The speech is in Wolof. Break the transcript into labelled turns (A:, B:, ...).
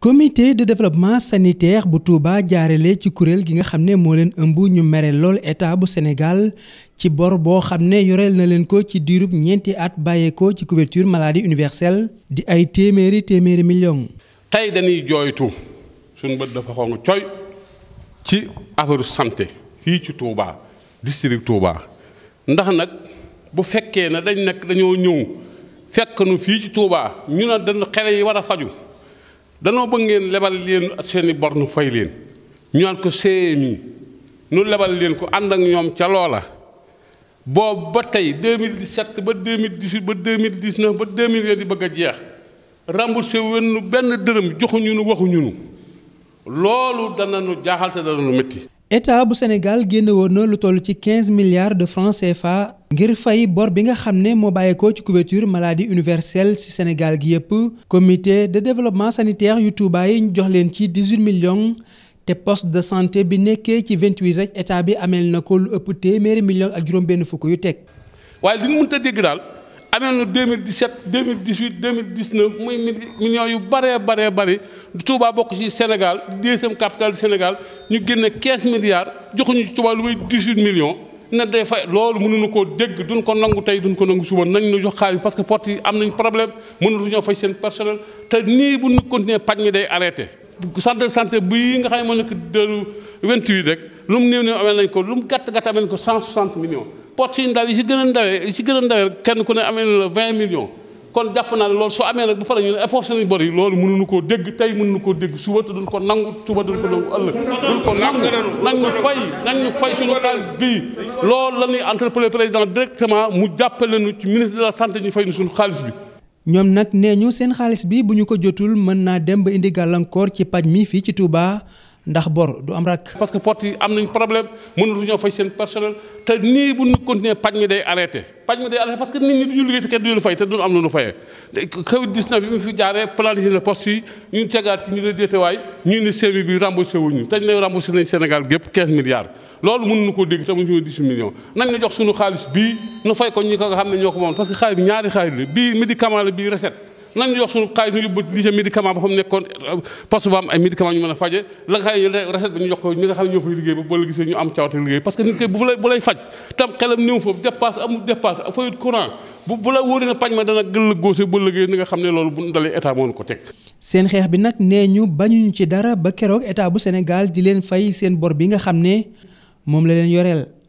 A: comité de développement sanitaire bu Touba jaarale ci kuréel gi nga xam ne moo leen ëmb ñu mere lool état bu senegal ci bor boo xam ne yoreel na leen ko ci diirub ñeenti at bàyyeekoo ci couverture maladie universelle di ay téeméeri téeméeri millions.
B: tey dañuy jooytu suñu bët dafa xong coy ci affaire santé fii ci Touba district Touba ndax nag bu fekkee na dañ nekk dañoo ñëw fekk nu fii ci Touba ñu ne dañ xale yi war a faju danoo bëgg ngeen lebal leen seeni bor nu fay leen ñu naan ko CMI nu lebal leen ko ànd ak ñoom ca loola boobu ba tey 2017 ba 2018 ba 2019 ba 2020 di bëgg a jeex remboursé wenn benn dërëm joxuñu nu waxuñu nu loolu dana nu jaaxal te dana nu métti
A: état bu Sénégal génne woon na lu toll ci quinze milliards de francs fa ngir fay bor bi nga xam ne moo bàyyeekoo ci couverture maladie universelle ci Sénégal gi yépp comité de développement sanitaire yu Touba yi ñu jox leen ci dix-huit millions te poste de santé bi nekkee ci vingt-huit rek état bi ameel na ko lu ëpp téeméeri millions ak juróom-benn fukk yu teg. waaye
B: li nga mënta dégg daal. amee nu 2017 2018 2019 muy millions yu bëree baree bëri Touba bokk ci Sénégal deuxième capitale du Sénégal ñu génne 15 milliards joxuñu ci Touba lu may 18 millions ne day fay loolu mënuñu koo dégg duñ ko nangu tey duñ ko nangu suba nañ ñu jox xaalis parce que porte am nañ problème mënatuñoo fay seen personnel te nii bu ñu continuer paj mi day arrêté. santé santé bii nga xam ne moo nekk dëru 28 rek lu mu néew néew ko lu mu gàtt gàtt amee nañ ko 160 millions. pot yi ndaw yi si gën a ndawee yi si gën a ndawee kenn ku ne amee na la vingt millions kon jàpp naa ne loolu soo amee nag bu pare ñu ne époche nañu bor yi loolu mënuñu koo dégg tey mënuñu koo dégg suba te duñ ko nangu suba duñ ko nangu ëllëg duñ ko nangu nañ ñu fay nañ ñu fay suñu xaalis bii loolu la ñuy président directement mu jàppale nu ci ministre de la santé ñu fay ñu suñu xaalis bi
A: ñoom nag nee ñu seen xaalis bi bu ñu ko jotul mën naa dem ba indi gàllankoor ci paj mi fii ci Touba ndax bor du am rak parce que porte
B: am nañ problème mënatu ñoo fay seen personnel te nii bu ñu continuer paj mi day arrêté paj mi day arrêté parce que nit ñu liggéey te kenn du leen fay te duñu am lu ñu fayee covid 19 bi mu fi jaaree planifié na poste yi ñu tegaat ci ñu ne déetewaay ñu ne seemi bi remboursé wuñu te ñu ne remboursé nañ gépp 15 milliards loolu mënuñu ko dégg te mu ñu 10 millions nañ ñu jox suñu xaalis bii nu fay ko ñi ko nga que xaalis bi ñaari xaalis la nan ñu wax suñu xaalis ñu yóbbu lycée médicament ba fa mu nekkoon poste ay médicament ñu mën a faje la nga xam ne recette ba ñu jox ko ñi nga xam ne ñu am cawate liggéey parce que bu lay bu ko teg
A: seen xeex bi nag nee ñu bañuñu ci dara ba keroog état bu Sénégal di leen fay seen bor bi nga xam ne moom la leen yoreel